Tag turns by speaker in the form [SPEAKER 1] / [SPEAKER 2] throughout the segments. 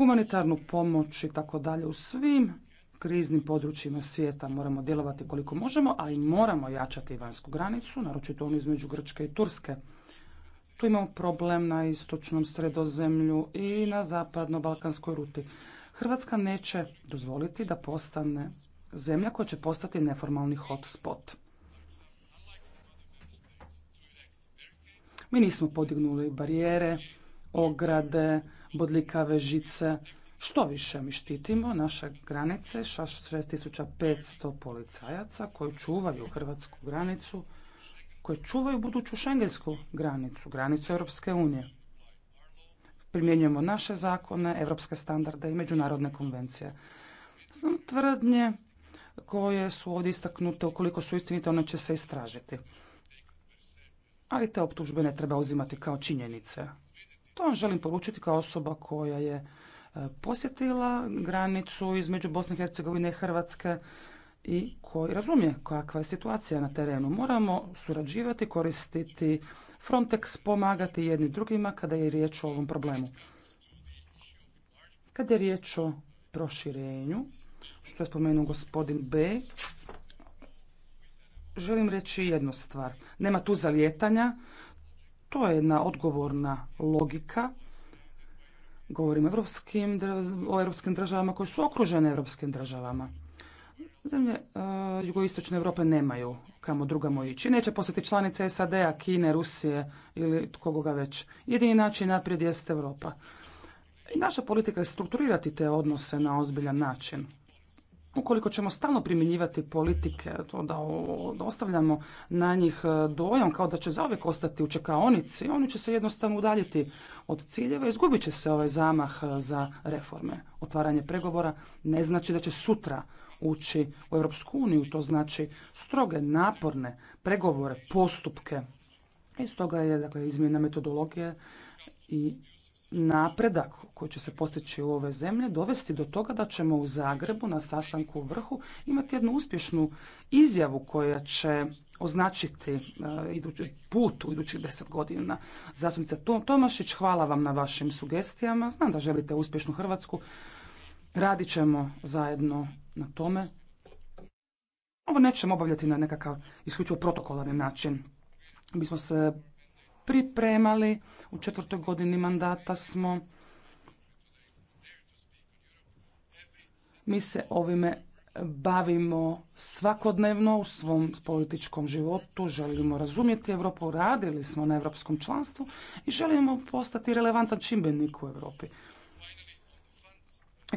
[SPEAKER 1] humanitarnu pomoć i tako dalje u svim kriznim područjima svijeta moramo djelovati koliko možemo, ali moramo jačati vanjsku granicu, naročito onu između Grčke i Turske. Tu imamo problem na istočnom sredozemlju i na zapadno-balkanskoj ruti. Hrvatska neće dozvoliti da postane zemlja koja će postati neformalni hotspot. Mi nismo podignuli barijere, ograde, bodljikave žice. Što više mi štitimo naše granice, 6500 policajaca koji čuvaju hrvatsku granicu, koji čuvaju buduću šengensku granicu, granicu Europske unije. Primjenjujemo naše zakone, europske standarde i međunarodne konvencije. Znam tvrdnje koje su ovdje istaknute, ukoliko su istinite, one će se istražiti. Ali te optužbe ne treba uzimati kao činjenice. To vam želim poručiti kao osoba koja je e, posjetila granicu između Bosne i Hercegovine i Hrvatske i koji razumije kakva je situacija na terenu. Moramo surađivati, koristiti Frontex, pomagati jedni drugima kada je riječ o ovom problemu. Kada je riječ o proširenju, što je spomenuo gospodin B, želim reći jednu stvar. Nema tu zalijetanja, to je jedna odgovorna logika. Govorim o europskim državama koje su okružene europskim državama. Zemlje e, jugoistočne Europe nemaju kamo drugamo ići. Neće postati članice SAD-a, Kine, Rusije ili kogoga već. Jedini način naprijed jeste Europa. I naša politika je strukturirati te odnose na ozbiljan način ukoliko ćemo stalno primjenjivati politike, to da ostavljamo na njih e, dojam kao da će zauvijek ostati u čekaonici, oni će se jednostavno udaljiti od ciljeva i izgubit će se ovaj zamah e, za reforme. Otvaranje pregovora ne znači da će sutra ući u Europsku uniju, to znači stroge, naporne pregovore, postupke. I stoga je dakle, izmjena metodologije i napredak koji će se postići u ove zemlje dovesti do toga da ćemo u Zagrebu na sastanku u vrhu imati jednu uspješnu izjavu koja će označiti eh, idući put u idućih deset godina. Zastupnica Tomašić, hvala vam na vašim sugestijama. Znam da želite uspješnu Hrvatsku. Radit ćemo zajedno na tome. Ovo nećemo obavljati na nekakav isključivo protokolarni način. Mi smo se pripremali. U četvrtoj godini mandata smo. Mi se ovime bavimo svakodnevno u svom političkom životu, želimo razumjeti Europu, radili smo na europskom članstvu i želimo postati relevantan čimbenik u Europi.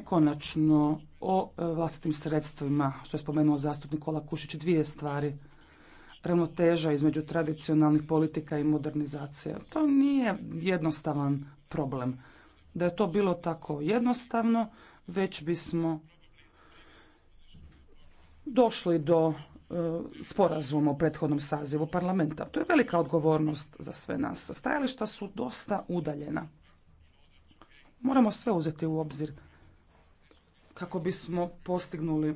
[SPEAKER 1] Konačno, o e, vlastitim sredstvima, što je spomenuo zastupnik Ola Kušić, dvije stvari – ravnoteža između tradicionalnih politika i modernizacije. To nije jednostavan problem. Da je to bilo tako jednostavno, već bismo došli do e, sporazuma o prethodnom sazivu parlamenta. To je velika odgovornost za sve nas. Stajališta su dosta udaljena. Moramo sve uzeti u obzir kako bismo postignuli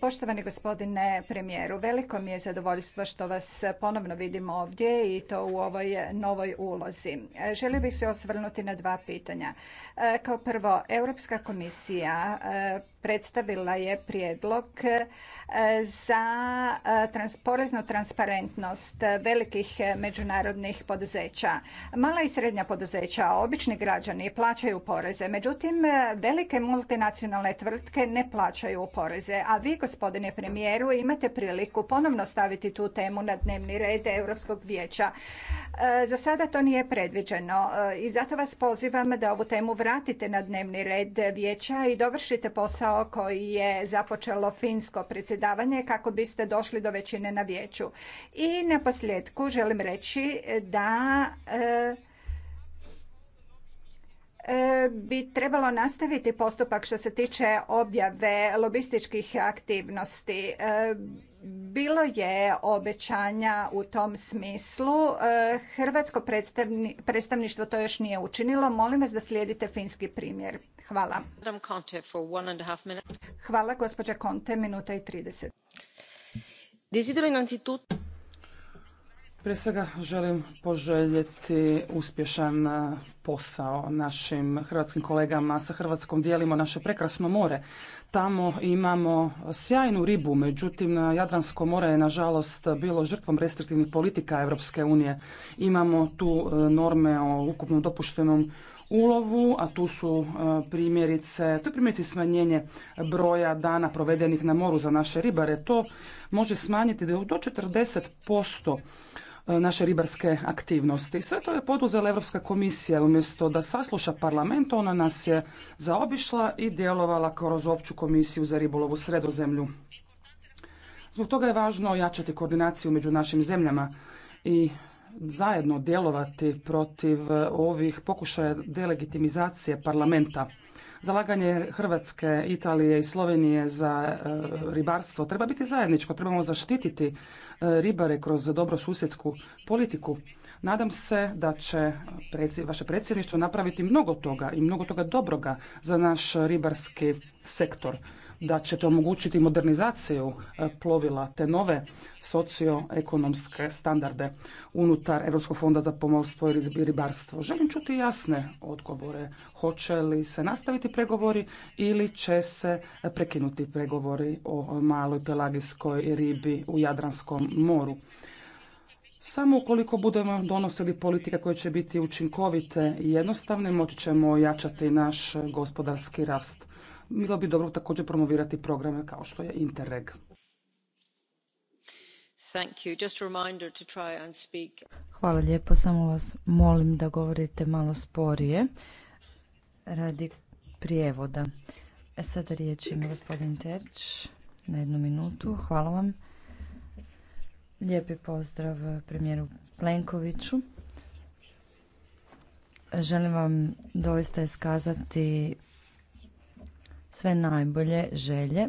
[SPEAKER 2] Poštovani gospodine premijeru, veliko mi je zadovoljstvo što vas ponovno vidim ovdje i to u ovoj novoj ulozi. Želio bih se osvrnuti na dva pitanja. E, kao prvo, Europska komisija e, predstavila je prijedlog e, za e, poreznu transparentnost velikih e, međunarodnih poduzeća. Mala i srednja poduzeća, obični građani plaćaju poreze, međutim velike multinacionalne tvrtke ne plaćaju poreze, a vi gospodine premijeru imate priliku ponovno staviti tu temu na dnevni red Europskog vijeća. Za sada to nije predviđeno i zato vas pozivam da ovu temu vratite na dnevni red vijeća i dovršite posao posao koji je započelo finsko predsjedavanje kako biste došli do većine na vijeću. I na posljedku želim reći da e, e, bi trebalo nastaviti postupak što se tiče objave lobističkih aktivnosti. E, bilo je obećanja u tom smislu. E, Hrvatsko predstavništvo to još nije učinilo. Molim vas da slijedite finski primjer. Hvala. Hvala, gospođa Conte, minuta i 30. Prije svega
[SPEAKER 1] želim poželjeti uspješan e, posao našim hrvatskim kolegama sa Hrvatskom dijelimo naše prekrasno more. Tamo imamo sjajnu ribu, međutim e, Jadransko more je nažalost bilo žrtvom restriktivnih politika Europske unije. Imamo tu e, norme o ukupno dopuštenom ulovu, a tu su primjerice, to je primjerice smanjenje broja dana provedenih na moru za naše ribare. To može smanjiti do 40% E, naše ribarske aktivnosti. Sve to je poduzela Europska komisija umjesto da sasluša parlament, ona nas je zaobišla i djelovala kroz opću komisiju za ribolov u sredozemlju. Zbog toga je važno jačati koordinaciju među našim zemljama i zajedno djelovati protiv e, ovih pokušaja delegitimizacije parlamenta. Zalaganje Hrvatske, Italije i Slovenije za e, ribarstvo treba biti zajedničko, trebamo zaštititi e, ribare kroz dobrosusjedsku politiku. Nadam se da će vaše predsjedništvo napraviti mnogo toga i mnogo toga dobroga za naš ribarski sektor da ćete omogućiti modernizaciju e, plovila te nove socioekonomske standarde unutar Europskog fonda za pomorstvo i ribarstvo. Želim čuti jasne odgovore. Hoće li se nastaviti pregovori ili će se prekinuti pregovori o maloj pelagijskoj ribi u Jadranskom moru? Samo ukoliko budemo donosili politike koje će biti učinkovite i jednostavne, moći ćemo ojačati naš gospodarski rast bilo bi dobro također promovirati programe kao što je Interreg.
[SPEAKER 3] Hvala lijepo, samo vas molim da govorite malo sporije radi prijevoda. E sada riječ ima gospodin Terč na jednu minutu. Hvala vam. Lijepi pozdrav premijeru Plenkoviću. Želim vam doista iskazati sve najbolje želje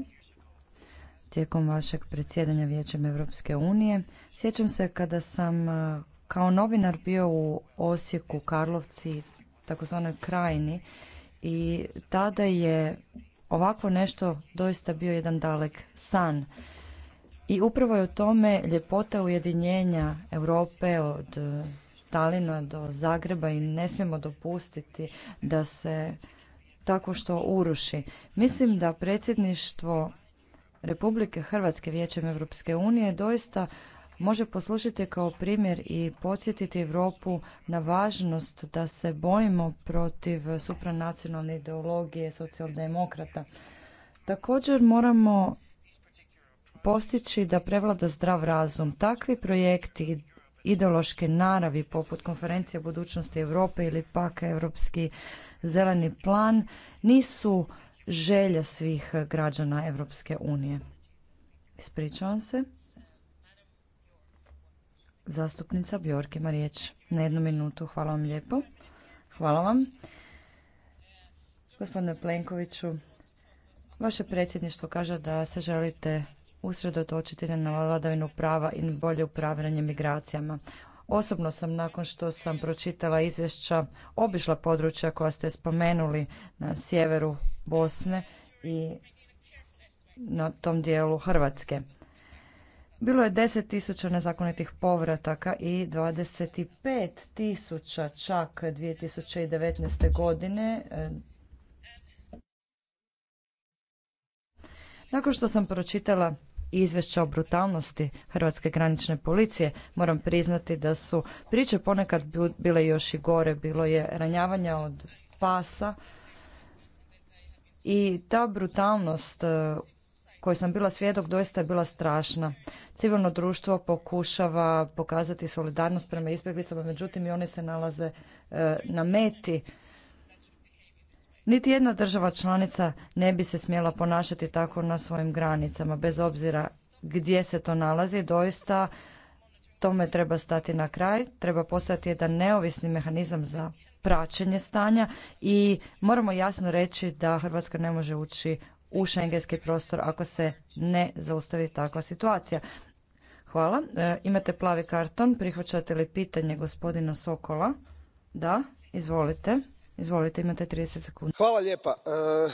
[SPEAKER 3] tijekom vašeg predsjedanja Vijećem Europske unije. Sjećam se kada sam e, kao novinar bio u Osijeku, Karlovci, takozvanoj krajini i tada je ovako nešto doista bio jedan dalek san. I upravo je u tome ljepota ujedinjenja Europe od e, Talina do Zagreba i ne smijemo dopustiti da se tako što uruši. Mislim da predsjedništvo Republike Hrvatske vijećem Europske unije doista može poslušati kao primjer i podsjetiti Europu na važnost da se bojimo protiv supranacionalne ideologije socijaldemokrata. Također moramo postići da prevlada zdrav razum. Takvi projekti ideološke naravi poput konferencije o budućnosti Europe ili pak Europski zeleni plan nisu želja svih građana Europske unije. Ispričavam se. Zastupnica Bjork ima riječ na jednu minutu. Hvala vam lijepo. Hvala vam. Gospodine Plenkoviću, vaše predsjedništvo kaže da se želite usredotočiti na vladavinu prava i bolje upravljanje migracijama. Osobno sam nakon što sam pročitala izvješća obišla područja koja ste spomenuli na sjeveru Bosne i na tom dijelu Hrvatske. Bilo je 10.000 nezakonitih povrataka i 25.000 čak 2019. godine. Nakon što sam pročitala izvješća o brutalnosti Hrvatske granične policije. Moram priznati da su priče ponekad bile još i gore. Bilo je ranjavanja od pasa i ta brutalnost e, koju sam bila svjedok doista je bila strašna. Civilno društvo pokušava pokazati solidarnost prema izbjeglicama, međutim i oni se nalaze e, na meti niti jedna država članica ne bi se smjela ponašati tako na svojim granicama, bez obzira gdje se to nalazi, doista tome treba stati na kraj, treba postati jedan neovisni mehanizam za praćenje stanja i moramo jasno reći da Hrvatska ne može ući u šengenski prostor ako se ne zaustavi takva situacija. Hvala. E, imate plavi karton. Prihvaćate li pitanje gospodina Sokola? Da, izvolite. Izvolite, imate 30 sekundi.
[SPEAKER 4] Hvala lijepa. E,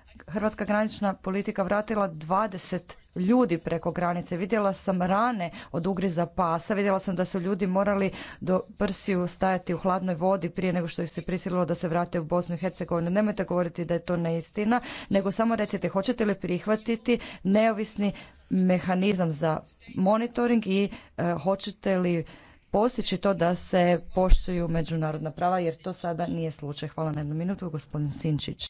[SPEAKER 3] hrvatska granična politika vratila 20 ljudi preko granice. Vidjela sam rane od ugriza pasa, vidjela sam da su ljudi morali do prsiju stajati u hladnoj vodi prije nego što ih se prisililo da se vrate u Bosnu i Hercegovinu. Nemojte govoriti da je to neistina, nego samo recite hoćete li prihvatiti neovisni mehanizam za monitoring i e, hoćete li postići to da se poštuju međunarodna prava jer to sada nije slučaj. Hvala na jednu minutu, gospodin Sinčić.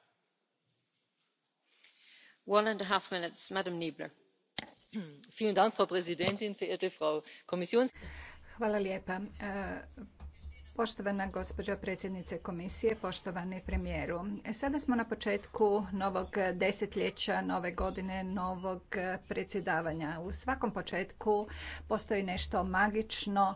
[SPEAKER 2] frau präsidentin e, poštovana gospođo predsjednice komisije poštovani premijeru e, sada smo na početku novog desetljeća nove godine novog predsjedavanja. u svakom početku postoji nešto magično e,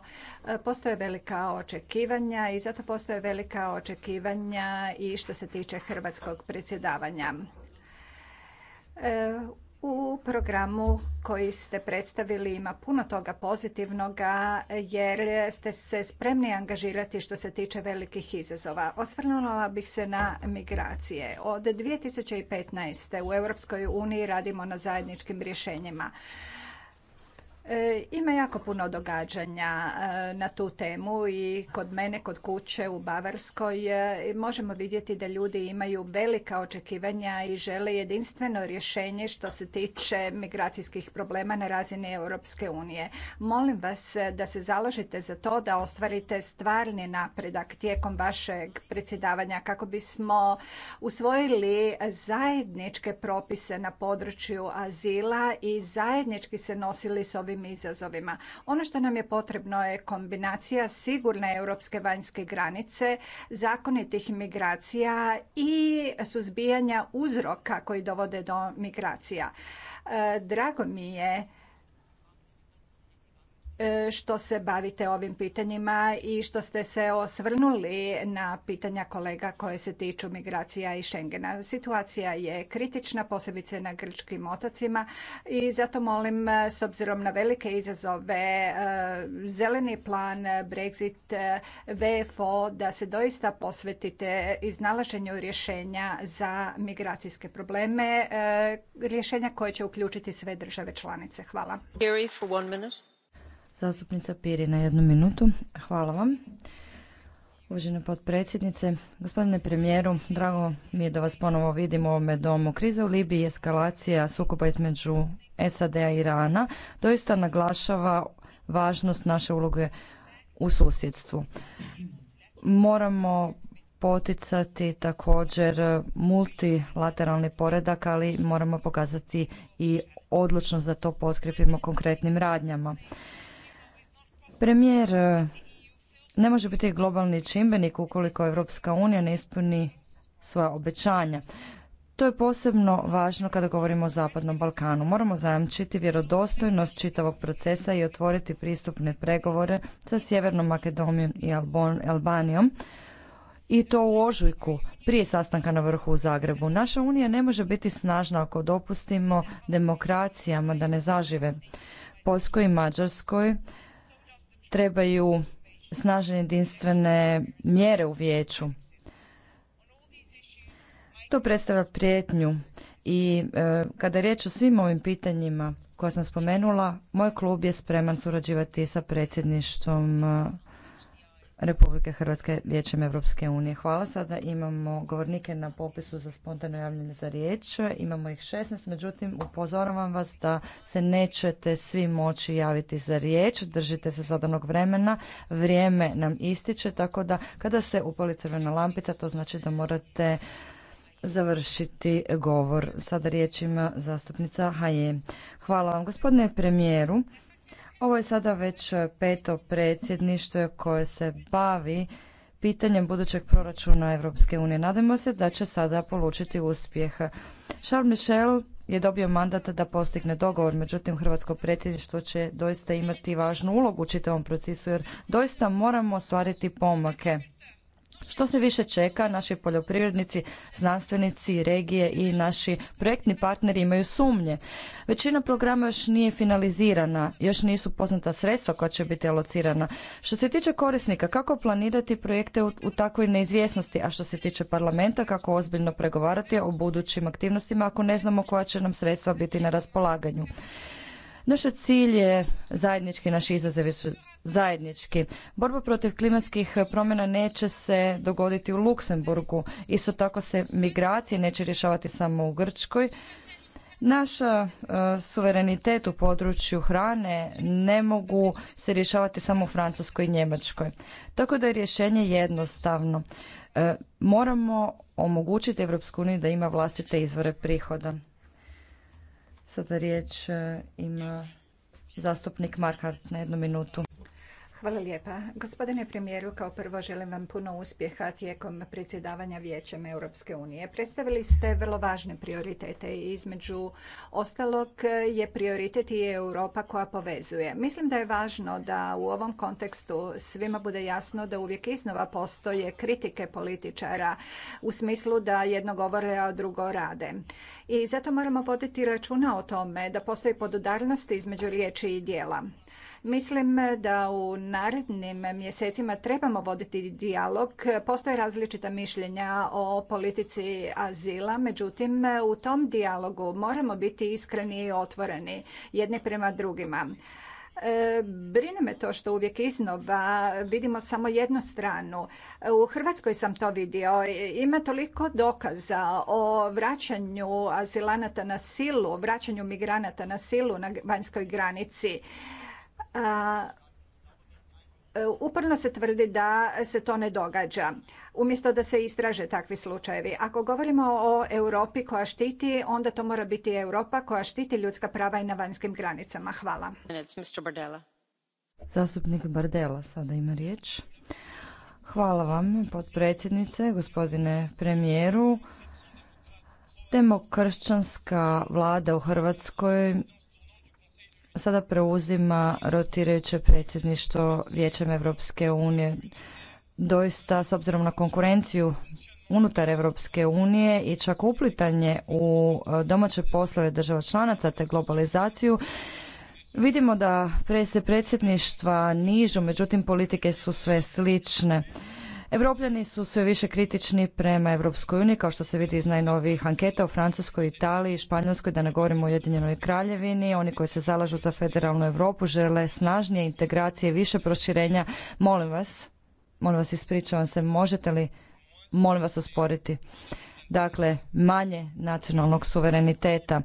[SPEAKER 2] postoje velika očekivanja i zato postoje velika očekivanja i što se tiče hrvatskog predsjedavanja. E, u programu koji ste predstavili ima puno toga pozitivnoga jer ste se spremni angažirati što se tiče velikih izazova. Osvrnula bih se na migracije. Od 2015. u Europskoj uniji radimo na zajedničkim rješenjima. E, ima jako puno događanja e, na tu temu i kod mene, kod kuće u Bavarskoj e, možemo vidjeti da ljudi imaju velika očekivanja i žele jedinstveno rješenje što se tiče migracijskih problema na razini Europske unije. Molim vas da se založite za to da ostvarite stvarni napredak tijekom vašeg predsjedavanja kako bismo usvojili zajedničke propise na području azila i zajednički se nosili s ovim izazovima. Ono što nam je potrebno je kombinacija sigurne europske vanjske granice, zakonitih migracija i suzbijanja uzroka koji dovode do migracija. E, drago mi je E, što se bavite ovim pitanjima i što ste se osvrnuli na pitanja kolega koje se tiču migracija i Schengena. Situacija je kritična, posebice na grčkim otocima i zato molim, e, s obzirom na velike izazove, e, zeleni plan, Brexit, VFO, da se doista posvetite iznalaženju rješenja za migracijske probleme, rješenja koje će uključiti sve države članice. Hvala.
[SPEAKER 3] Zastupnica Piri na jednu minutu. Hvala vam. Uvažena potpredsjednice, gospodine premijeru, drago mi je da vas ponovo vidim u ovome domu. Kriza u Libiji eskalacija sukoba između SAD-a i Irana doista naglašava važnost naše uloge u susjedstvu. Moramo poticati također multilateralni poredak, ali moramo pokazati i odlučnost da to potkrepimo konkretnim radnjama. Premijer e, ne može biti globalni čimbenik ukoliko Europska unija ne ispuni svoja obećanja. To je posebno važno kada govorimo o Zapadnom Balkanu. Moramo zajamčiti vjerodostojnost čitavog procesa i otvoriti pristupne pregovore sa Sjevernom Makedonijom i Albanijom i to u ožujku prije sastanka na vrhu u Zagrebu. Naša unija ne može biti snažna ako dopustimo demokracijama da ne zažive. Poljskoj i Mađarskoj trebaju snažne jedinstvene mjere u vijeću. To predstavlja prijetnju i e, kada je riječ o svim ovim pitanjima koja sam spomenula, moj klub je spreman surađivati sa predsjedništvom e, Republike Hrvatske vijećem Europske unije. Hvala. Sada imamo govornike na popisu za spontano javljanje za riječ. Imamo ih 16, međutim upozoravam vas da se nećete svi moći javiti za riječ. Držite se zadanog vremena. Vrijeme nam ističe, tako da kada se upali crvena lampica, to znači da morate završiti govor. Sada riječ ima zastupnica Haje. Hvala vam. Gospodine premijeru, ovo je sada već peto predsjedništvo koje se bavi pitanjem budućeg proračuna Europske unije. Nadamo se da će sada polučiti uspjeh. Charles Michel je dobio mandat da postigne dogovor, međutim Hrvatsko predsjedništvo će doista imati važnu ulogu u čitavom procesu jer doista moramo ostvariti pomake. Što se više čeka, naši poljoprivrednici, znanstvenici, regije i naši projektni partneri imaju sumnje. Većina programa još nije finalizirana, još nisu poznata sredstva koja će biti alocirana. Što se tiče korisnika, kako planirati projekte u, takvoj neizvjesnosti, a što se tiče parlamenta, kako ozbiljno pregovarati o budućim aktivnostima ako ne znamo koja će nam sredstva biti na raspolaganju. Naš cilj je zajednički, naši izazovi su zajednički. Borba protiv klimatskih promjena neće se dogoditi u Luksemburgu. Isto tako se migracije neće rješavati samo u Grčkoj. Naša e, suverenitet u području hrane ne mogu se rješavati samo u Francuskoj i Njemačkoj. Tako da je rješenje jednostavno. E, moramo omogućiti Europsku uniju da ima vlastite izvore prihoda. Sada riječ e, ima zastupnik Markart na jednu minutu.
[SPEAKER 2] Hvala lijepa. Gospodine premijeru, kao prvo želim vam puno uspjeha tijekom predsjedavanja Vijećem Europske unije. Predstavili ste vrlo važne prioritete i između ostalog je prioritet i Europa koja povezuje. Mislim da je važno da u ovom kontekstu svima bude jasno da uvijek iznova postoje kritike političara u smislu da jedno govore, a drugo rade. I zato moramo voditi računa o tome da postoji podudarnost između riječi i dijela. Mislim da u narednim mjesecima trebamo voditi dijalog. Postoje različita mišljenja o politici azila, međutim u tom dijalogu moramo biti iskreni i otvoreni jedni prema drugima. E, brine me to što uvijek iznova vidimo samo jednu stranu. U Hrvatskoj sam to vidio. Ima toliko dokaza o vraćanju azilanata na silu, vraćanju migranata na silu na vanjskoj granici. Uprno e, Uporno se tvrdi da se to ne događa, umjesto da se istraže takvi slučajevi. Ako govorimo o Europi koja štiti, onda to mora biti Europa koja štiti ljudska prava i na vanjskim granicama. Hvala.
[SPEAKER 3] Zastupnik Bardela sada ima riječ. Hvala vam, potpredsjednice, gospodine premijeru. Demokršćanska vlada u Hrvatskoj sada preuzima rotirajuće predsjedništvo Vijećem Evropske unije. Doista, s obzirom na konkurenciju unutar Evropske unije i čak uplitanje u e, domaće poslove država članaca te globalizaciju, Vidimo da se predsjedništva nižu, međutim politike su sve slične. Evropljani su sve više kritični prema Europskoj uniji, kao što se vidi iz najnovijih anketa u Francuskoj, Italiji, i Španjolskoj, da ne govorimo o Ujedinjenoj Kraljevini. Oni koji se zalažu za federalnu Europu žele snažnije integracije, više proširenja. Molim vas, molim vas ispričavam se, možete li, molim vas usporiti. Dakle, manje nacionalnog suvereniteta.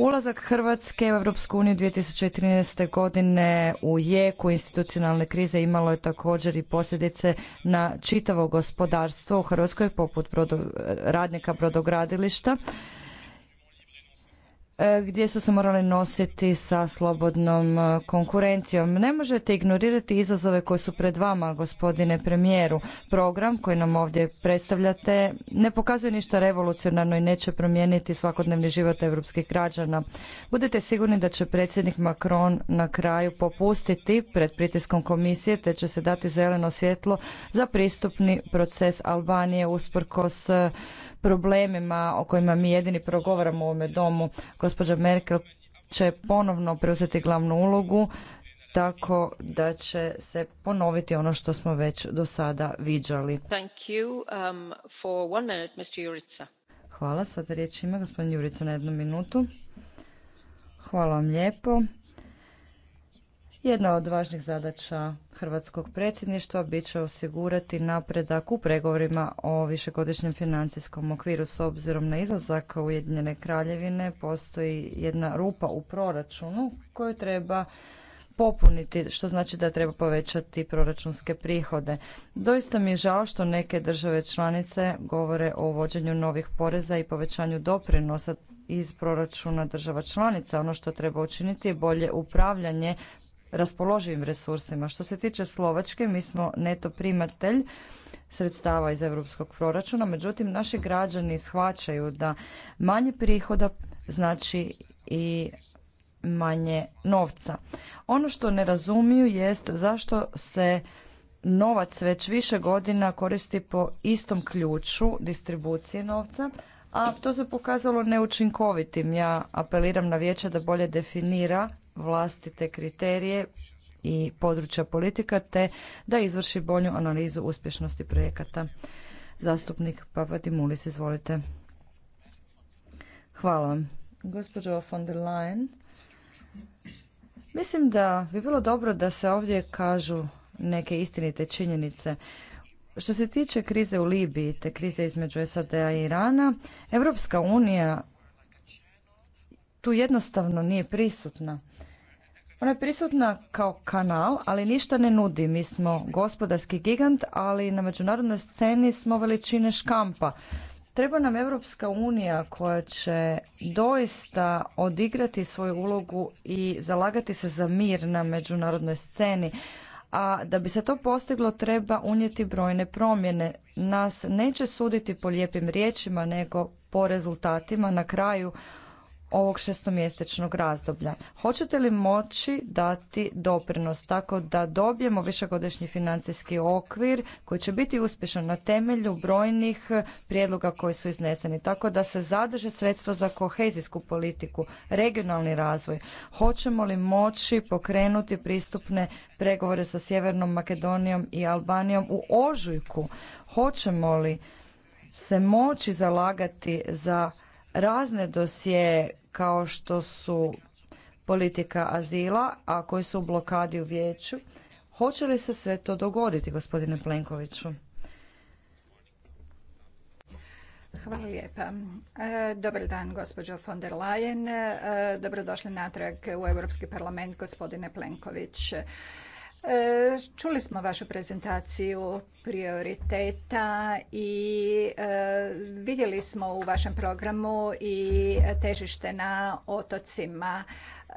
[SPEAKER 3] Ulazak Hrvatske u Europsku uniju 2013. godine u jeku institucionalne krize imalo je također i posljedice na čitavo gospodarstvo u Hrvatskoj poput radnika brodogradilišta E, gdje su se morali nositi sa slobodnom e, konkurencijom. Ne možete ignorirati izazove koji su pred vama, gospodine premijeru. Program koji nam ovdje predstavljate ne pokazuje ništa revolucionarno i neće promijeniti svakodnevni život europskih građana. Budite sigurni da će predsjednik Macron na kraju popustiti pred pritiskom komisije te će se dati zeleno svjetlo za pristupni proces Albanije usprkos e, problemima o kojima mi jedini progovaramo u ovome domu. Gospođa Merkel će ponovno preuzeti glavnu ulogu tako da će se ponoviti ono što smo već do sada viđali. Um, Hvala. Sada riječ ima gospodin Jurica na jednu minutu. Hvala vam lijepo. Jedna od važnih zadaća hrvatskog predsjedništva bit će osigurati napredak u pregovorima o višegodišnjem financijskom okviru s obzirom na izlazak Ujedinjene kraljevine postoji jedna rupa u proračunu koju treba popuniti, što znači da treba povećati proračunske prihode. Doista mi je žao što neke države članice govore o uvođenju novih poreza i povećanju doprinosa iz proračuna država članica. Ono što treba učiniti je bolje upravljanje raspoloživim resursima. Što se tiče Slovačke, mi smo neto primatelj sredstava iz europskog proračuna, međutim naši građani shvaćaju da manje prihoda znači i manje novca. Ono što ne razumiju jest zašto se novac već više godina koristi po istom ključu distribucije novca, a to se pokazalo neučinkovitim. Ja apeliram na vijeće da bolje definira vlastite kriterije i područja politika te da izvrši bolju analizu uspješnosti projekata. Zastupnik Papadimulis, izvolite. Hvala vam. Gospođo von der Leyen, mislim da bi bilo dobro da se ovdje kažu neke istinite činjenice. Što se tiče krize u Libiji, te krize između SAD-a i Irana, Europska unija tu jednostavno nije prisutna. Ona je prisutna kao kanal, ali ništa ne nudi. Mi smo gospodarski gigant, ali na međunarodnoj sceni smo veličine škampa. Treba nam Europska unija koja će doista odigrati svoju ulogu i zalagati se za mir na međunarodnoj sceni. A da bi se to postiglo treba unijeti brojne promjene. Nas neće suditi po lijepim riječima nego po rezultatima. Na kraju ovog šestomjesečnog razdoblja. Hoćete li moći dati doprinos tako da dobijemo višegodišnji financijski okvir koji će biti uspješan na temelju brojnih prijedloga koji su izneseni, tako da se zadrže sredstva za kohezijsku politiku, regionalni razvoj. Hoćemo li moći pokrenuti pristupne pregovore sa Sjevernom Makedonijom i Albanijom u ožujku? Hoćemo li se moći zalagati za razne dosije kao što su politika azila, a koji su u blokadi u vijeću. Hoće li se sve to dogoditi, gospodine Plenkoviću?
[SPEAKER 2] Hvala lijepa. E, dobar dan, gospođo von der Leyen. E, dobrodošli natrag u Europski parlament, gospodine Plenković. E, čuli smo vašu prezentaciju prioriteta i e, vidjeli smo u vašem programu i težište na otocima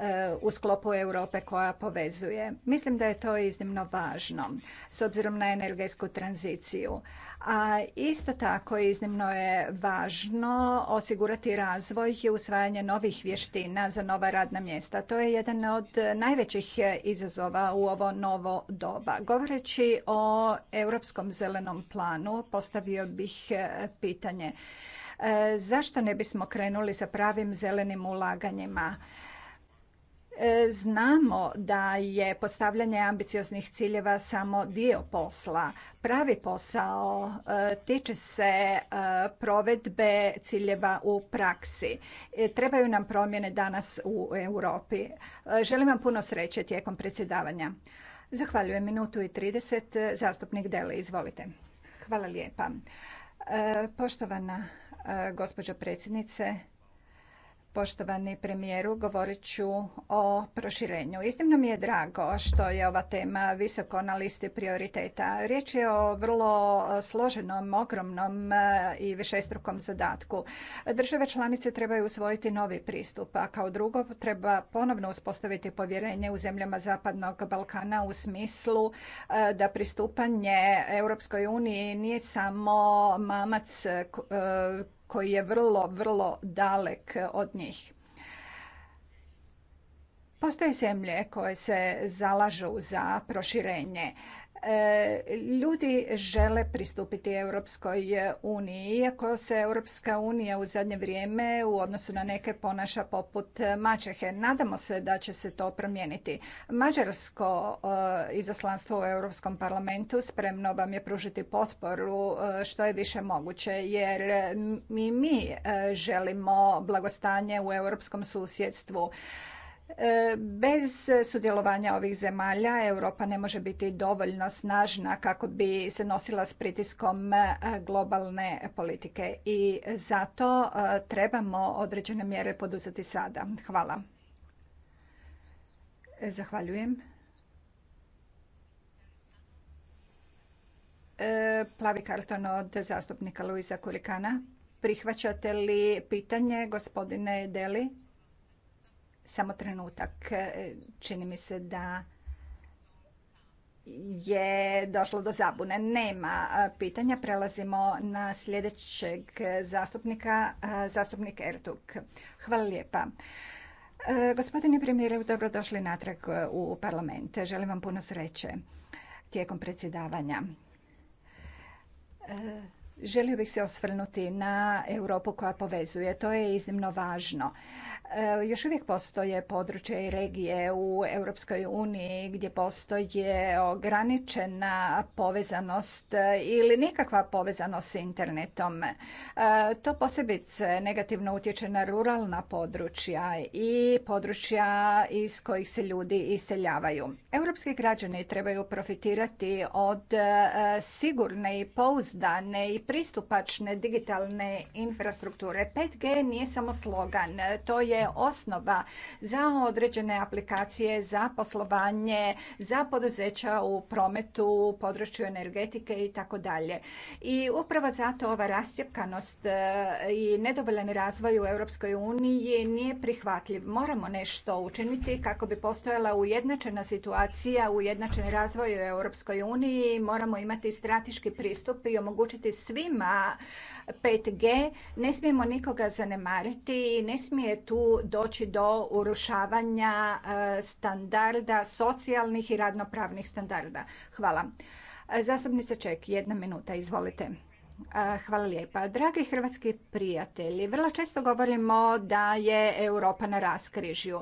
[SPEAKER 2] e, u sklopu Europe koja povezuje. Mislim da je to iznimno važno s obzirom na energetsku tranziciju. A isto tako iznimno je važno osigurati razvoj i usvajanje novih vještina za nova radna mjesta. To je jedan od najvećih izazova u ovo novo doba. Govoreći o Europskom zelenom planu postavio bih pitanje e, zašto ne bismo krenuli sa pravim zelenim ulaganjima? E, znamo da je postavljanje ambicioznih ciljeva samo dio posla. Pravi posao e, tiče se e, provedbe ciljeva u praksi. Trebaju nam promjene danas u Europi. Želim vam puno sreće tijekom predsjedavanja. Zahvaljujem minutu i 30. Zastupnik Dele, izvolite. Hvala lijepa. Poštovana gospođo predsjednice, Poštovani premijeru, govorit ću o proširenju. Iznimno mi je drago što je ova tema visoko na listi prioriteta. Riječ je o vrlo složenom, ogromnom e, i višestrukom zadatku. Države članice trebaju usvojiti novi pristup, a kao drugo treba ponovno uspostaviti povjerenje u zemljama Zapadnog Balkana u smislu e, da pristupanje Europskoj uniji nije samo mamac e, koji je vrlo, vrlo dalek od njih. Postoje zemlje koje se zalažu za proširenje. Ljudi žele pristupiti Europskoj uniji, iako se Europska unija u zadnje vrijeme u odnosu na neke ponaša poput Mačehe. Nadamo se da će se to promijeniti. Mađarsko e, izaslanstvo u Europskom parlamentu spremno vam je pružiti potporu e, što je više moguće, jer mi mi e, želimo blagostanje u europskom susjedstvu E, bez sudjelovanja ovih zemalja Europa ne može biti dovoljno snažna kako bi se nosila s pritiskom e, globalne politike i zato e, trebamo određene mjere poduzeti sada. Hvala. Zahvaljujem. Plavi karton od zastupnika Luisa Kurikana. Prihvaćate li pitanje gospodine Deli? Samo trenutak. E, čini mi se da je došlo do zabune. Nema e, pitanja. Prelazimo na sljedećeg zastupnika, e, zastupnik Ertug. Hvala lijepa. Gospodine premijeru, dobrodošli natrag u parlament. Želim vam puno sreće tijekom predsjedavanja. Želio bih se osvrnuti na Europu koja povezuje. To je iznimno važno. E, još uvijek postoje područje i regije u Europskoj uniji gdje postoje ograničena povezanost ili nikakva povezanost s internetom. E, to posebice negativno utječe na ruralna područja i područja iz kojih se ljudi iseljavaju. Europski građani trebaju profitirati od e, sigurne i pouzdane i pristupačne digitalne infrastrukture. 5G nije samo slogan, to je osnova za određene aplikacije, za poslovanje, za poduzeća u prometu, u području energetike i tako dalje. I upravo zato ova rascjepkanost e, i nedovoljan razvoj u Europskoj uniji nije prihvatljiv. Moramo nešto učiniti kako bi postojala ujednačena situacija, ujednačen razvoj u Europskoj uniji. Moramo imati strateški pristup i omogućiti svima 5G, ne smijemo nikoga zanemariti i ne smije tu doći do urušavanja e, standarda, socijalnih i radnopravnih standarda. Hvala. Zastupnica Ček, jedna minuta, izvolite. E, hvala lijepa. Dragi hrvatski prijatelji, vrlo često govorimo da je Europa na raskrižju.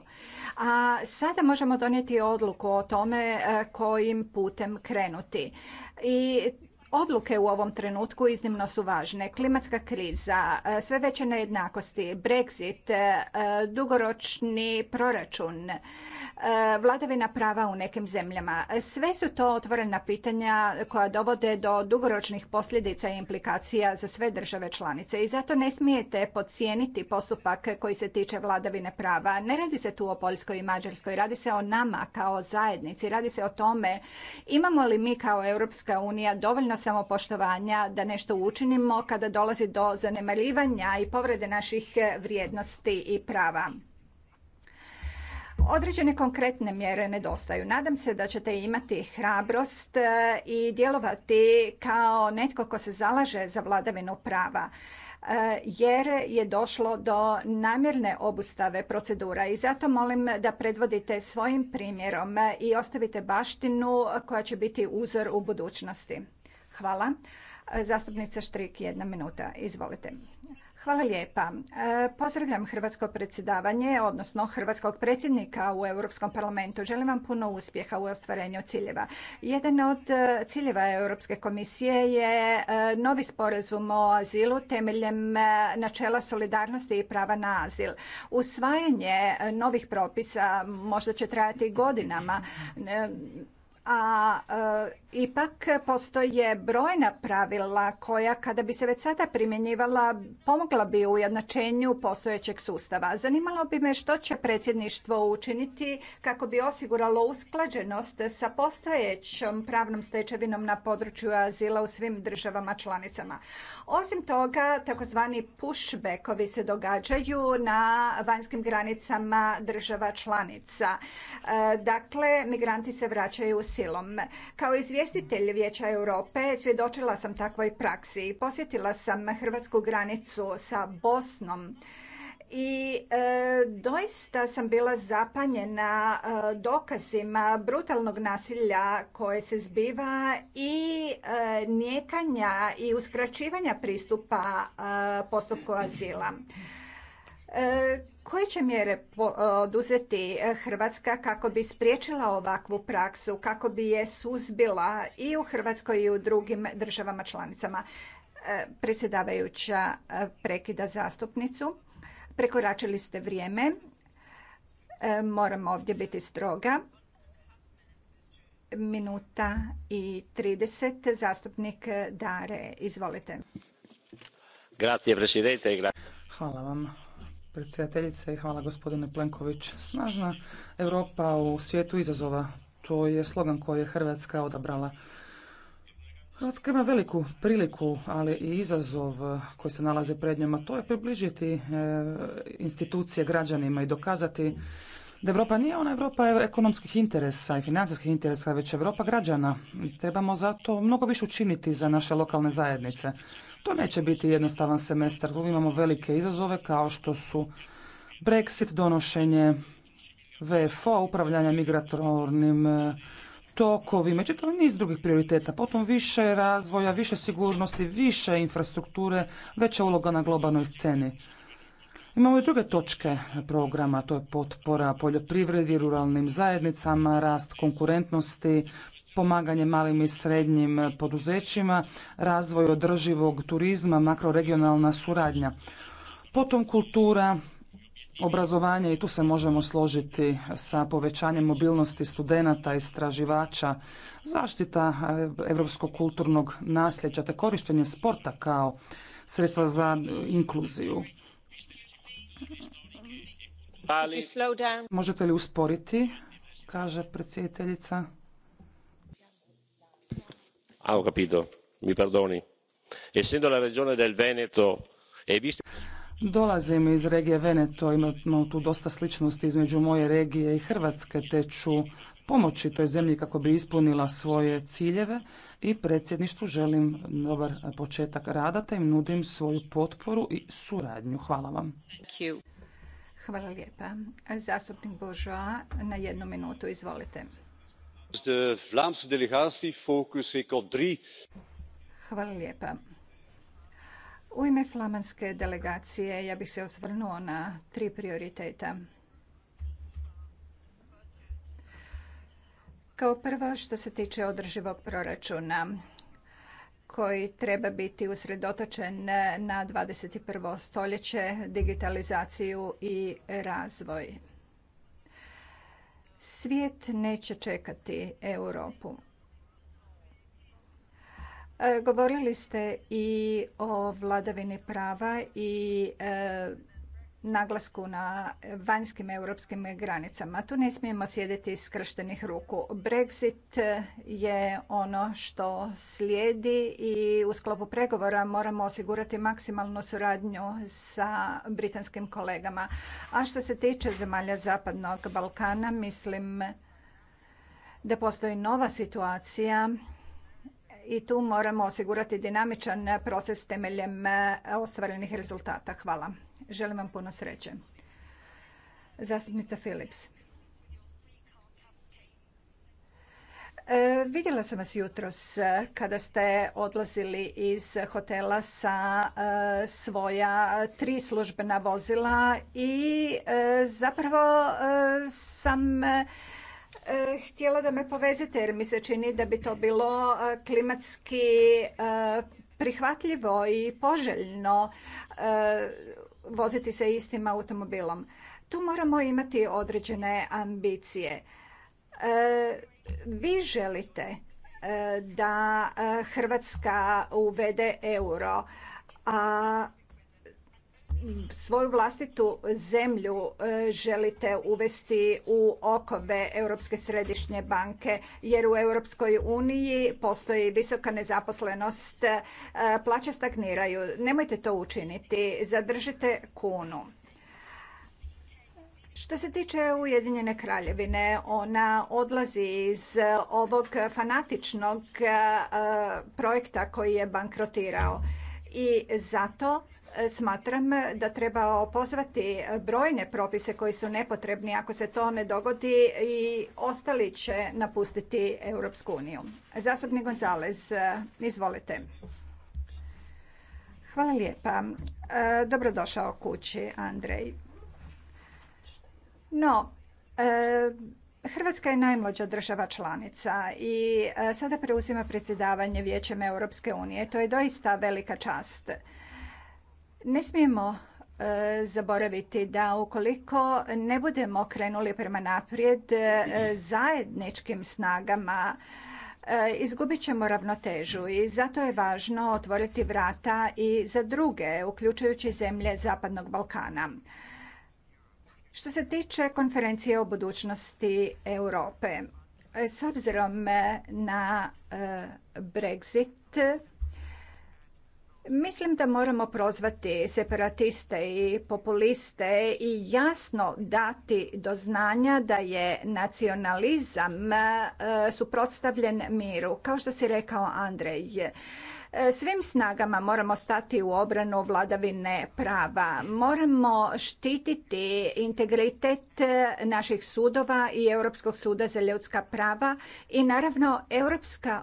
[SPEAKER 2] A sada možemo donijeti odluku o tome e, kojim putem krenuti. I Odluke u ovom trenutku iznimno su važne. Klimatska kriza, e, sve veće nejednakosti, Brexit, e, e, dugoročni proračun, vladavina prava u nekim zemljama. Sve su to otvorena pitanja koja dovode do dugoročnih posljedica i implikacija za sve države članice. I zato ne smijete podcijeniti postupak koji se tiče vladavine prava. Ne radi se tu o Poljskoj i Mađarskoj, radi se o nama kao zajednici, radi se o tome imamo li mi kao Europska unija dovoljno samopoštovanja da nešto učinimo kada dolazi do zanemarivanja i povrede naših vrijednosti i prava. Određene konkretne mjere nedostaju. Nadam se da ćete imati hrabrost e, i djelovati kao netko ko se zalaže za vladavinu prava e, jer je došlo do namjerne obustave procedura i zato molim da predvodite svojim primjerom i ostavite baštinu koja će biti uzor u budućnosti. Hvala. Zastupnica Štrik, jedna minuta. Izvolite. Hvala lijepa. E, pozdravljam hrvatsko predsjedavanje, odnosno hrvatskog predsjednika u Europskom parlamentu. Želim vam puno uspjeha u ostvarenju ciljeva. Jedan od e, ciljeva Europske komisije je e, novi sporazum o azilu temeljem načela solidarnosti i prava na azil. Usvajanje novih propisa možda će trajati godinama a e, ipak postoje brojna pravila koja kada bi se već sada primjenjivala pomogla bi u jednačenju postojećeg sustava. Zanimalo bi me što će predsjedništvo učiniti kako bi osiguralo usklađenost sa postojećom pravnom stečevinom na području azila u svim državama članicama. Osim toga, takozvani pushbackovi se događaju na vanjskim granicama država članica. E, dakle, migranti se vraćaju u silom. Kao izvjestitelj Vijeća Europe svjedočila sam takvoj praksi. Posjetila sam hrvatsku granicu sa Bosnom i e, doista sam bila zapanjena e, dokazima brutalnog nasilja koje se zbiva i e, i uskraćivanja pristupa e, postupku azila koje će mjere poduzeti e, e, Hrvatska kako bi spriječila ovakvu praksu, kako bi je suzbila i u Hrvatskoj i u drugim državama članicama? E, predsjedavajuća prekida zastupnicu. Prekoračili ste vrijeme. Moramo ovdje biti stroga. Minuta i 30. Zastupnik Dare, izvolite.
[SPEAKER 5] Hvala vam
[SPEAKER 1] predsjedateljice i hvala gospodine Plenković. Snažna Europa u svijetu izazova, to je slogan koji je Hrvatska odabrala. Hrvatska ima veliku priliku, ali i izazov koji se nalazi pred njima, to je približiti e, institucije građanima i dokazati da Europa nije ona Europa ekonomskih interesa i financijskih interesa, već Europa građana. Trebamo zato mnogo više učiniti za naše lokalne zajednice. To neće biti jednostavan semestar. Imamo velike izazove kao što su Brexit, donošenje VFO, upravljanje migratornim e, tokovima i čitav niz drugih prioriteta. Potom više razvoja, više sigurnosti, više infrastrukture, veća uloga na globalnoj sceni. Imamo i druge točke programa, to je potpora poljoprivredi, ruralnim zajednicama, rast konkurentnosti, pomaganje malim i srednjim poduzećima, razvoj održivog turizma, makroregionalna suradnja. Potom kultura, obrazovanje i tu se možemo složiti sa povećanjem mobilnosti studenata, istraživača, zaštita europskog kulturnog nasljeđa te korištenje sporta kao sredstva za inkluziju. Možete li usporiti, kaže predsjediteljica?
[SPEAKER 5] Ah, ho capito. Mi perdoni. Essendo la regione del Veneto e visto...
[SPEAKER 1] Dolazim iz regije Veneto, imamo tu dosta sličnosti između moje regije i Hrvatske, te ću pomoći toj zemlji kako bi ispunila svoje ciljeve i predsjedništvu želim dobar početak rada te im nudim svoju potporu i suradnju. Hvala vam.
[SPEAKER 2] Hvala lijepa. Zastupnik Božoa na jednu minutu, izvolite. U ime flamanske delegacije ja bih se osvrnuo na tri prioriteta. Kao prvo što se tiče održivog proračuna koji treba biti usredotočen na 21. stoljeće, digitalizaciju i razvoj. Svijet neće čekati Europu. E, govorili ste i o vladavini prava i e, naglasku na vanjskim europskim granicama. Tu ne smijemo sjediti iz skrštenih ruku. Brexit je ono što slijedi i u sklopu pregovora moramo osigurati maksimalnu suradnju sa britanskim kolegama. A što se tiče zemalja Zapadnog Balkana, mislim da postoji nova situacija i tu moramo osigurati dinamičan proces temeljem ostvarenih rezultata. Hvala. Želim vam puno sreće. Zastupnica Philips. E, vidjela sam vas jutros e, kada ste odlazili iz hotela sa e, svoja tri službena vozila i zapravo sam htjela da me povezete jer mi se čini da bi to bilo klimatski prihvatljivo i poželjno voziti se istim automobilom. Tu moramo imati određene ambicije. E, vi želite e, da Hrvatska uvede euro, a svoju vlastitu zemlju e, želite uvesti u okove Europske središnje banke jer u Europskoj uniji postoji visoka nezaposlenost, e, plaće stagniraju. Nemojte to učiniti, zadržite kunu. Što se tiče Ujedinjene kraljevine, ona odlazi iz ovog fanatičnog e, projekta koji je bankrotirao i zato Smatram da treba pozvati brojne propise koji su nepotrebni. Ako se to ne dogodi i ostali će napustiti Europsku uniju. Zastupnik Gonzalez, izvolite. Hvala lijepa. E, dobrodošao kući, Andrej. No, e, Hrvatska je najmlađa država članica i e, sada preuzima predsjedavanje Vijećem Europske unije. To je doista velika čast. Ne smijemo e, zaboraviti da ukoliko ne budemo krenuli prema naprijed e, zajedničkim snagama, e, izgubit ćemo ravnotežu i zato je važno otvoriti vrata i za druge, uključujući zemlje Zapadnog Balkana. Što se tiče konferencije o budućnosti Europe, s obzirom na Brexit, Mislim da moramo prozvati separatiste i populiste i jasno dati do znanja da je nacionalizam e, suprotstavljen miru. Kao što si rekao Andrej, e, svim snagama moramo stati u obranu vladavine prava. Moramo štititi integritet naših sudova i Europskog suda za ljudska prava i naravno Europska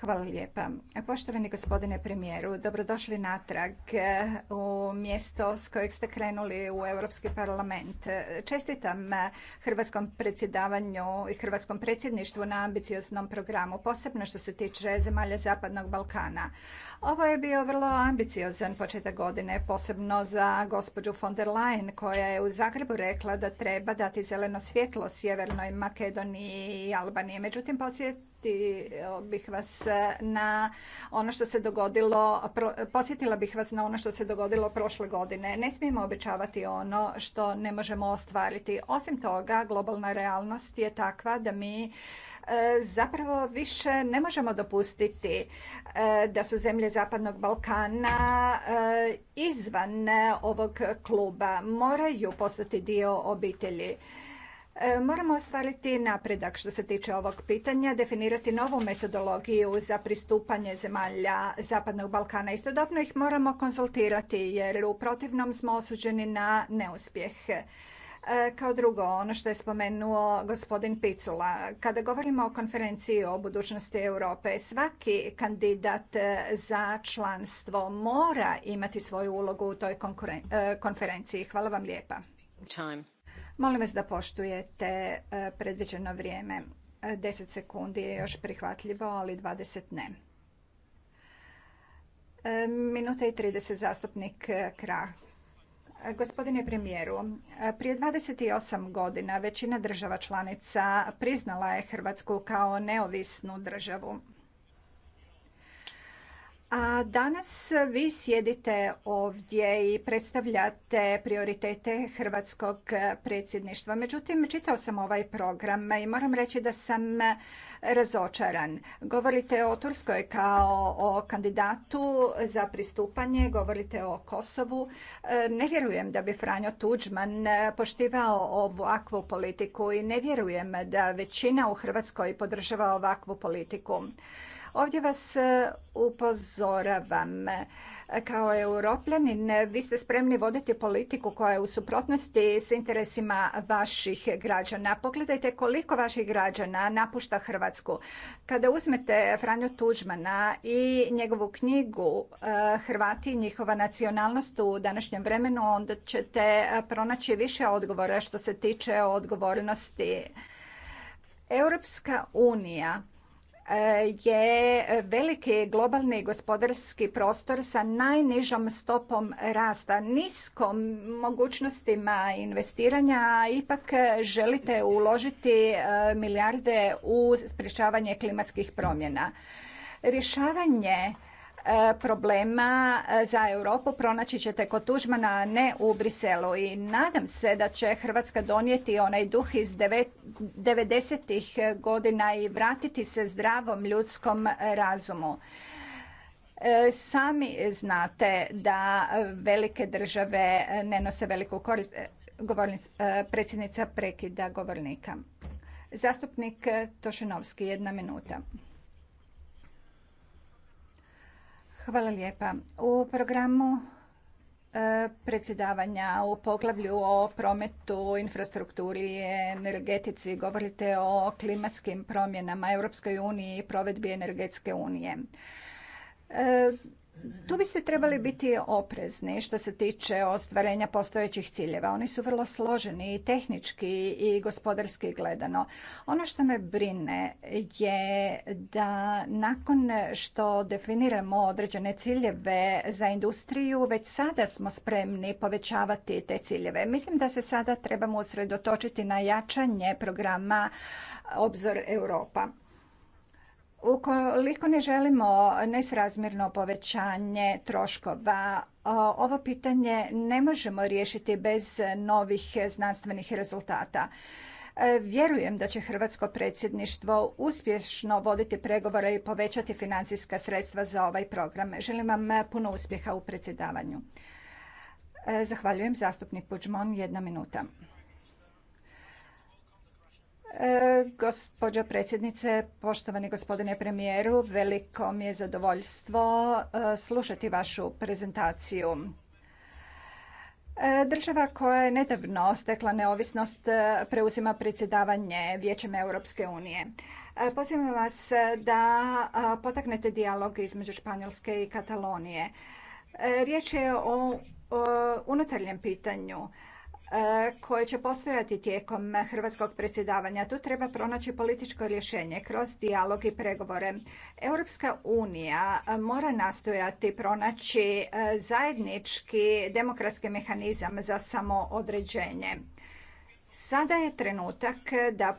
[SPEAKER 2] Hvala lijepa. Poštovani gospodine premijeru, dobrodošli natrag eh, u mjesto s kojeg ste krenuli u Europski parlament. Čestitam eh, hrvatskom predsjedavanju i hrvatskom predsjedništvu na ambicioznom programu, posebno što se tiče zemalja Zapadnog Balkana. Ovo je bio vrlo ambiciozan početak godine, posebno za gospođu von der Leyen, koja je u Zagrebu rekla da treba dati zeleno svjetlo Sjevernoj Makedoniji i Albaniji. Međutim, podsjet bih vas na ono što se dogodilo, podsjetila bih vas na ono što se dogodilo prošle godine. Ne smijemo obećavati ono što ne možemo ostvariti. Osim toga, globalna realnost je takva da mi e, zapravo više ne možemo dopustiti e, da su zemlje Zapadnog Balkana e, izvan ovog kluba. Moraju postati dio obitelji. E, moramo ostvariti napredak što se tiče ovog pitanja, definirati novu metodologiju za pristupanje zemalja Zapadnog Balkana. Istodobno ih moramo konsultirati jer u protivnom smo osuđeni na neuspjeh. E, kao drugo, ono što je spomenuo gospodin Picula, kada govorimo o konferenciji o budućnosti Europe, svaki kandidat za članstvo mora imati svoju ulogu u toj e, konferenciji. Hvala vam lijepa. Molim vas da poštujete e, predviđeno vrijeme. 10 e, sekundi je još prihvatljivo, ali 20 ne. E, minuta i 30 zastupnik Krah. Gospodine premijeru, prije 28 godina većina država članica priznala je Hrvatsku kao neovisnu državu. A danas vi sjedite ovdje i predstavljate prioritete hrvatskog predsjedništva. Međutim, čitao sam ovaj program i moram reći da sam razočaran. Govorite o Turskoj kao o kandidatu za pristupanje, govorite o Kosovu. Ne vjerujem da bi Franjo Tuđman poštivao ovakvu politiku i ne vjerujem da većina u Hrvatskoj podržava ovakvu politiku. Ovdje vas e, upozoravam kao europljanin vi ste spremni voditi politiku koja je u suprotnosti s interesima vaših građana. Pogledajte koliko vaših građana napušta Hrvatsku. Kada uzmete Franju Tuđmana i njegovu knjigu e, Hrvati i njihova nacionalnost u današnjem vremenu, onda ćete pronaći više odgovora što se tiče odgovornosti. Europska unija je veliki globalni gospodarski prostor sa najnižom stopom rasta, niskom mogućnostima investiranja, a ipak želite uložiti e, milijarde u sprječavanje klimatskih promjena. Rješavanje E, problema e, za Europu pronaći ćete kod Tužmana, a ne u Briselu. I nadam se da će Hrvatska donijeti onaj duh iz 90-ih godina i vratiti se zdravom ljudskom razumu. E, sami znate da velike države ne nose veliku korist. predsjednica prekida govornika. Zastupnik Tošenovski, jedna minuta. Hvala lijepa. U programu e, predsjedavanja u poglavlju o prometu, infrastrukturi, energetici, govorite o klimatskim promjenama Europskoj uniji i provedbi energetske unije. E, tu bi se trebali biti oprezni što se tiče ostvarenja postojećih ciljeva. Oni su vrlo složeni i tehnički i gospodarski gledano. Ono što me brine je da nakon što definiramo određene ciljeve za industriju, već sada smo spremni povećavati te ciljeve. Mislim da se sada trebamo usredotočiti na jačanje programa Obzor Europa. Ukoliko ne želimo nesrazmjerno povećanje troškova, ovo pitanje ne možemo riješiti bez novih znanstvenih rezultata. E, vjerujem da će hrvatsko predsjedništvo uspješno voditi pregovore i povećati financijska sredstva za ovaj program. Želim vam puno uspjeha u predsjedavanju. E, zahvaljujem zastupnik Puđmon, jedna minuta. E, gospođo predsjednice, poštovani gospodine premijeru, veliko mi je zadovoljstvo e, slušati vašu prezentaciju. E, država koja je nedavno stekla neovisnost preuzima predsjedavanje Vijećem Europske unije. Pozivam vas da potaknete dijalog između Španjolske i Katalonije. Riječ je o unutarnjem pitanju E, koje će postojati tijekom hrvatskog predsjedavanja. Tu treba pronaći političko rješenje kroz dijalog i pregovore. Europska unija mora nastojati pronaći e, zajednički demokratski mehanizam za samoodređenje. Sada je trenutak da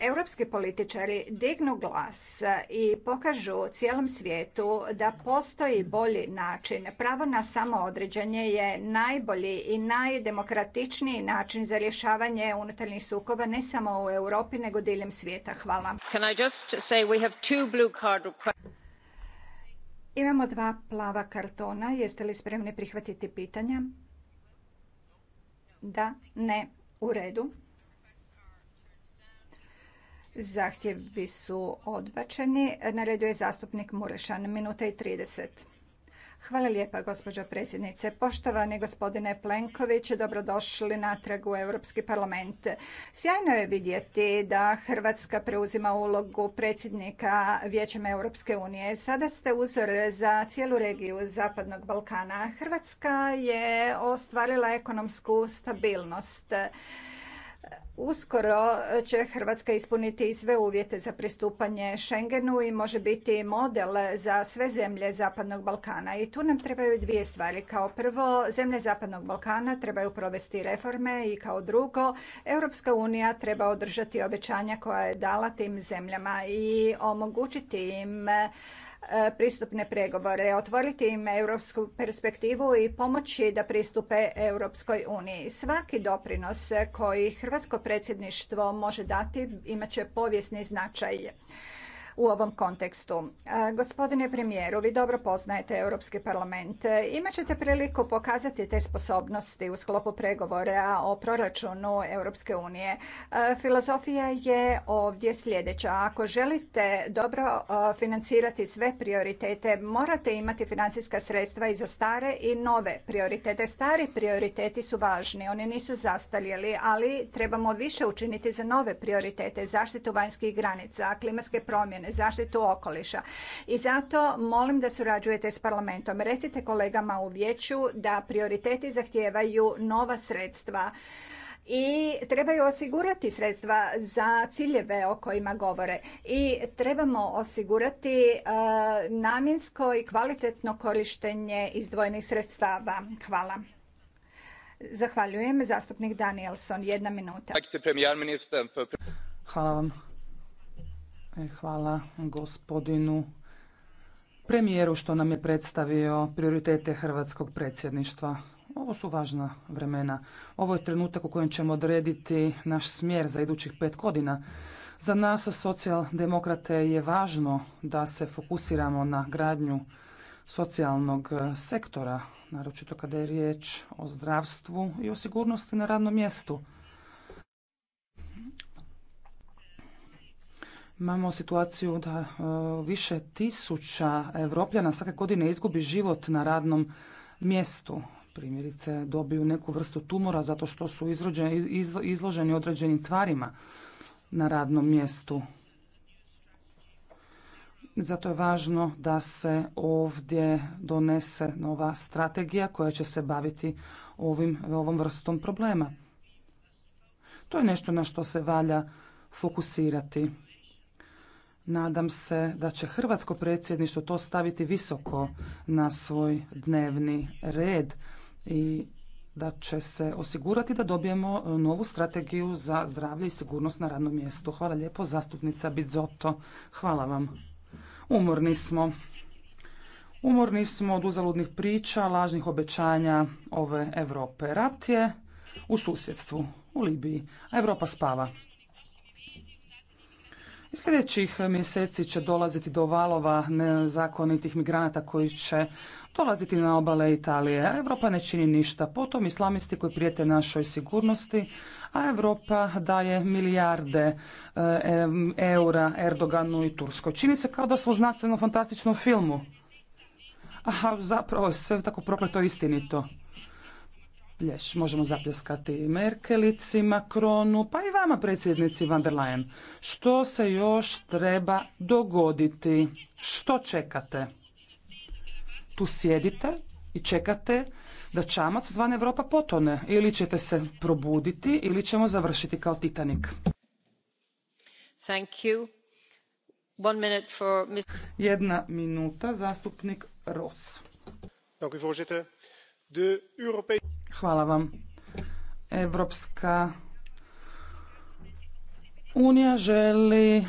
[SPEAKER 2] europski političari dignu glas i pokažu cijelom svijetu da postoji bolji način. Pravo na samoodređenje je najbolji i najdemokratičniji način za rješavanje unutarnjih sukoba ne samo u Europi nego diljem svijeta. Hvala. Imamo dva plava kartona. Jeste li spremni prihvatiti pitanja? Da, ne, u redu. Zahtjevi su odbačeni. Na redu je zastupnik Murešan, minuta i 30. Hvala lijepa, gospođo predsjednice. Poštovani gospodine Plenković, dobrodošli natrag u Europski parlament. Sjajno je vidjeti da Hrvatska preuzima ulogu predsjednika Vijećem Europske unije. Sada ste uzor za cijelu regiju Zapadnog Balkana. Hrvatska je ostvarila ekonomsku stabilnost. Uskoro će Hrvatska ispuniti i sve uvjete za pristupanje Schengenu i može biti model za sve zemlje Zapadnog Balkana. I tu nam trebaju dvije stvari. Kao prvo, zemlje Zapadnog Balkana trebaju provesti reforme i kao drugo, Europska unija treba održati obećanja koja je dala tim zemljama i omogućiti im pristupne pregovore, otvoriti im europsku perspektivu i pomoći da pristupe Europskoj uniji. Svaki doprinos koji hrvatsko predsjedništvo može dati imat će povijesni značaj u ovom kontekstu. E, gospodine premijeru, vi dobro poznajete Europski parlament. E, Imaćete priliku pokazati te sposobnosti u sklopu pregovora o proračunu Europske unije. E, filozofija je ovdje sljedeća. Ako želite dobro financirati sve prioritete, morate imati financijska sredstva i za stare i nove prioritete. Stari prioriteti su važni, oni nisu zastarjeli, ali trebamo više učiniti za nove prioritete, zaštitu vanjskih granica, klimatske promjene, zaštitu okoliša. I zato molim da surađujete s parlamentom. Recite kolegama u vijeću da prioriteti zahtijevaju nova sredstva i trebaju osigurati sredstva za ciljeve o kojima govore i trebamo osigurati e, namjensko i kvalitetno korištenje izdvojenih sredstava. Hvala. Zahvaljujem. Zastupnik Danielson, jedna minuta. Hvala vam
[SPEAKER 1] E, hvala gospodinu premijeru što nam je predstavio prioritete hrvatskog predsjedništva. Ovo su važna vremena. Ovo je trenutak u kojem ćemo odrediti naš smjer za idućih pet godina. Za nas socijaldemokrate je važno da se fokusiramo na gradnju socijalnog e, sektora, naročito kada je riječ o zdravstvu i o sigurnosti na radnom mjestu. Imamo situaciju da e, više tisuća Evropljana svake godine izgubi život na radnom mjestu. Primjerice dobiju neku vrstu tumora zato što su izloženi određenim tvarima na radnom mjestu. Zato je važno da se ovdje donese nova strategija koja će se baviti ovim, ovom vrstom problema. To je nešto na što se valja fokusirati. Nadam se da će hrvatsko predsjedništvo to staviti visoko na svoj dnevni red i da će se osigurati da dobijemo e, novu strategiju za zdravlje i sigurnost na radnom mjestu. Hvala lijepo zastupnica Bizoto. Hvala vam. Umorni smo. Umorni smo od uzaludnih priča, lažnih obećanja ove Europe. Rat je u susjedstvu, u Libiji, a Europa spava. Sljedećih mjeseci će dolaziti do valova nezakonitih migranata koji će dolaziti na obale Italije. Europa ne čini ništa. Potom islamisti koji prijete našoj sigurnosti, a Europa daje milijarde eh, eura Erdoganu i Turskoj. Čini se kao da smo u znanstveno fantastičnom filmu. A zapravo je sve tako prokleto istinito. Lješ, Možemo zapljeskati Merkelici, Makronu, pa i vama predsjednici van der Leyen. Što se još treba dogoditi? Što čekate? Tu sjedite i čekate da čamac zvan Europa potone. Ili ćete se probuditi ili ćemo završiti kao Titanik.
[SPEAKER 6] Thank you. One minute for...
[SPEAKER 1] Jedna minuta, zastupnik Ross.
[SPEAKER 6] Dank u voorzitter. De Europese
[SPEAKER 1] Hvala vam. Evropska Unija želi eh,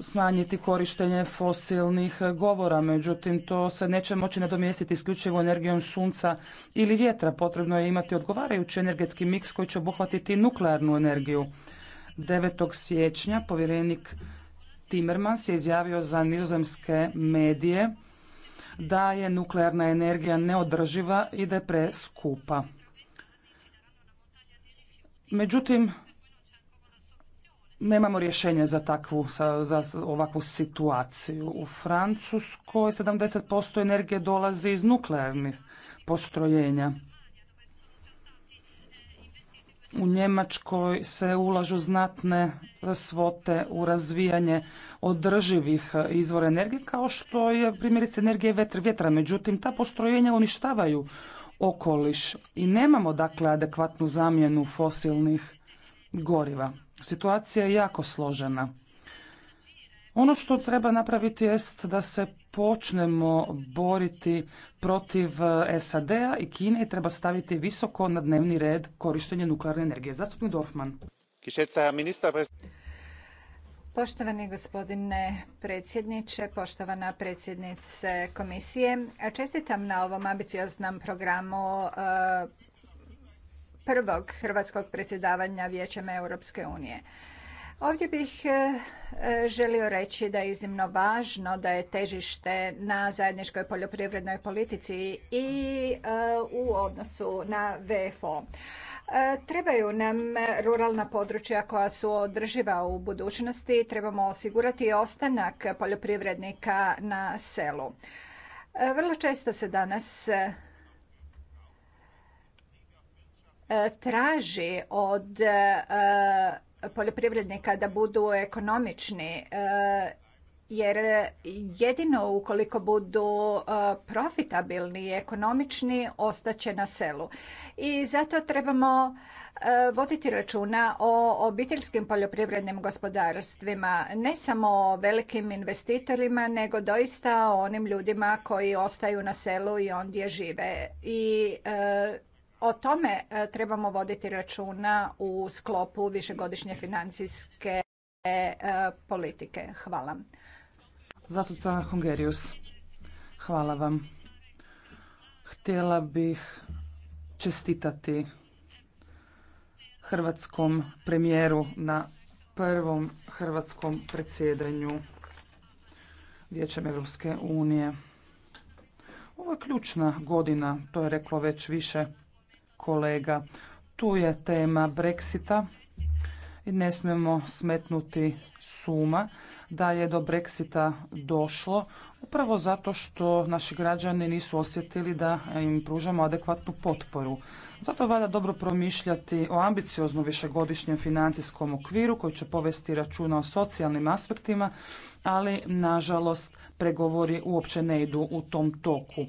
[SPEAKER 1] smanjiti korištenje fosilnih govora, međutim to se neće moći nadomjestiti isključivo energijom sunca ili vjetra. Potrebno je imati odgovarajući energetski miks koji će obuhvatiti nuklearnu energiju. 9. siječnja povjerenik Timmermans je izjavio za nizozemske medije da je nuklearna energija neodrživa i da je preskupa. Međutim, nemamo rješenje za takvu, za ovakvu situaciju. U Francuskoj 70% energije dolazi iz nuklearnih postrojenja u Njemačkoj se ulažu znatne svote u razvijanje održivih izvora energije, kao što je primjerice energije vetra. vjetra. Međutim, ta postrojenja uništavaju okoliš i nemamo dakle adekvatnu zamjenu fosilnih goriva. Situacija je jako složena. Ono što treba napraviti jest da se počnemo boriti protiv eh, SAD-a i Kine i treba staviti visoko na dnevni red korištenje nuklearne energije. Zastupnik Dorfman.
[SPEAKER 2] Poštovani gospodine predsjedniče, poštovana predsjednice komisije, čestitam na ovom ambicioznom programu eh, prvog hrvatskog predsjedavanja Vijećem Europske unije. Ovdje bih e, e, želio reći da je iznimno važno da je težište na zajedničkoj poljoprivrednoj politici i e, u odnosu na VFO. Trebaju nam ruralna područja koja su održiva u budućnosti, trebamo osigurati ostanak poljoprivrednika na selu. Vrlo često se danas traži od poljoprivrednika da budu ekonomični e, jer jedino ukoliko budu e, profitabilni i ekonomični ostaće na selu. I zato trebamo e, voditi računa o obiteljskim poljoprivrednim gospodarstvima, ne samo o velikim investitorima, nego doista o onim ljudima koji ostaju na selu i ondje žive. I o tome e, trebamo voditi računa u sklopu višegodišnje financijske e, politike. Hvala.
[SPEAKER 1] Zastupca Hungerius, hvala vam. Htjela bih čestitati hrvatskom premijeru na prvom hrvatskom predsjedanju Vijećem Europske unije. Ovo je ključna godina, to je reklo već više kolega. Tu je tema Brexita i ne smijemo smetnuti suma da je do Brexita došlo upravo zato što naši građani nisu osjetili da im pružamo adekvatnu potporu. Zato valja dobro promišljati o ambicioznom višegodišnjem financijskom okviru koji će povesti računa o socijalnim aspektima, ali nažalost pregovori uopće ne idu u tom toku.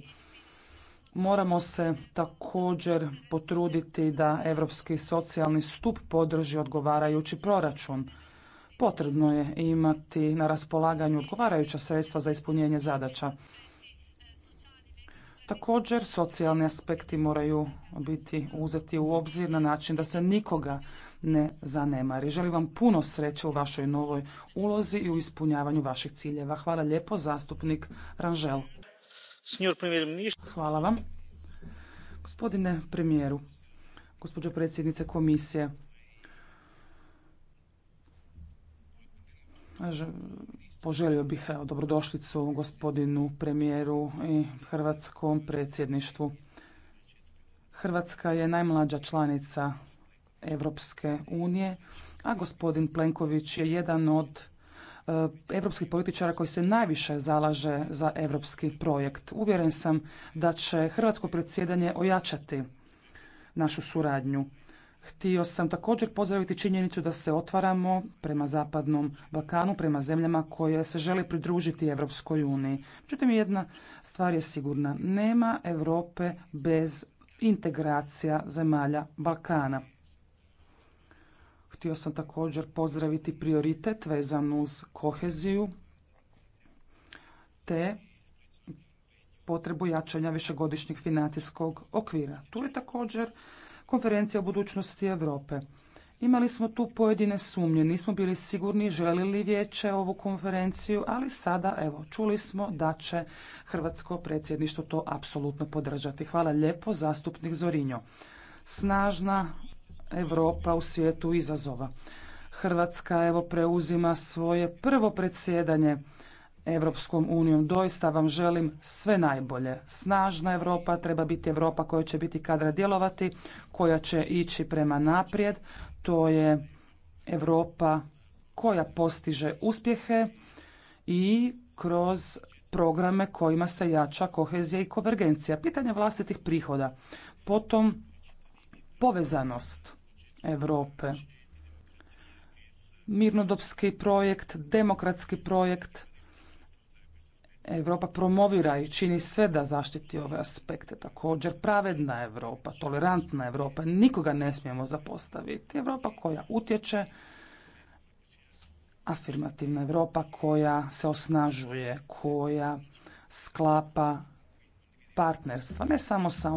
[SPEAKER 1] Moramo se također potruditi da Europski socijalni stup podrži odgovarajući proračun. Potrebno je imati na raspolaganju odgovarajuća sredstva za ispunjenje zadaća. Također, socijalni aspekti moraju biti uzeti u obzir na način da se nikoga ne zanemari. Želim vam puno sreće u vašoj novoj ulozi i u ispunjavanju vaših ciljeva. Hvala lijepo, zastupnik Ranžel. Hvala vam. Gospodine premijeru, gospođo predsjednice komisije, Poželio bih dobrodošlicu gospodinu premijeru i hrvatskom predsjedništvu. Hrvatska je najmlađa članica Europske unije, a gospodin Plenković je jedan od europskih eh, političara koji se najviše zalaže za europski projekt. Uvjeren sam da će hrvatsko predsjedanje ojačati našu suradnju. Htio sam također pozdraviti činjenicu da se otvaramo prema Zapadnom Balkanu, prema zemljama koje se žele pridružiti Evropskoj uniji. Međutim, jedna stvar je sigurna. Nema Europe bez integracija zemalja Balkana. Htio sam također pozdraviti prioritet vezan uz koheziju te potrebu jačanja višegodišnjeg financijskog okvira. Tu je također konferencija o budućnosti Europe. Imali smo tu pojedine sumnje, nismo bili sigurni želi li vijeće ovu konferenciju, ali sada evo čuli smo da će hrvatsko predsjedništvo to apsolutno podržati. Hvala lijepo zastupnik Zorinjo. Snažna Europa u svijetu izazova. Hrvatska evo preuzima svoje prvo predsjedanje Europskom unijom. Doista vam želim sve najbolje. Snažna Europa treba biti Europa koja će biti kadra djelovati, koja će ići prema naprijed. To je Europa koja postiže uspjehe i kroz programe kojima se jača kohezija i konvergencija. Pitanje vlastitih prihoda. Potom povezanost Europe. Mirnodopski projekt, demokratski projekt. Europa promovira i čini sve da zaštiti ove aspekte. Također pravedna Europa, tolerantna Europa, nikoga ne smijemo zapostaviti. Europa koja utječe, afirmativna Europa koja se osnažuje, koja sklapa partnerstva, ne samo sa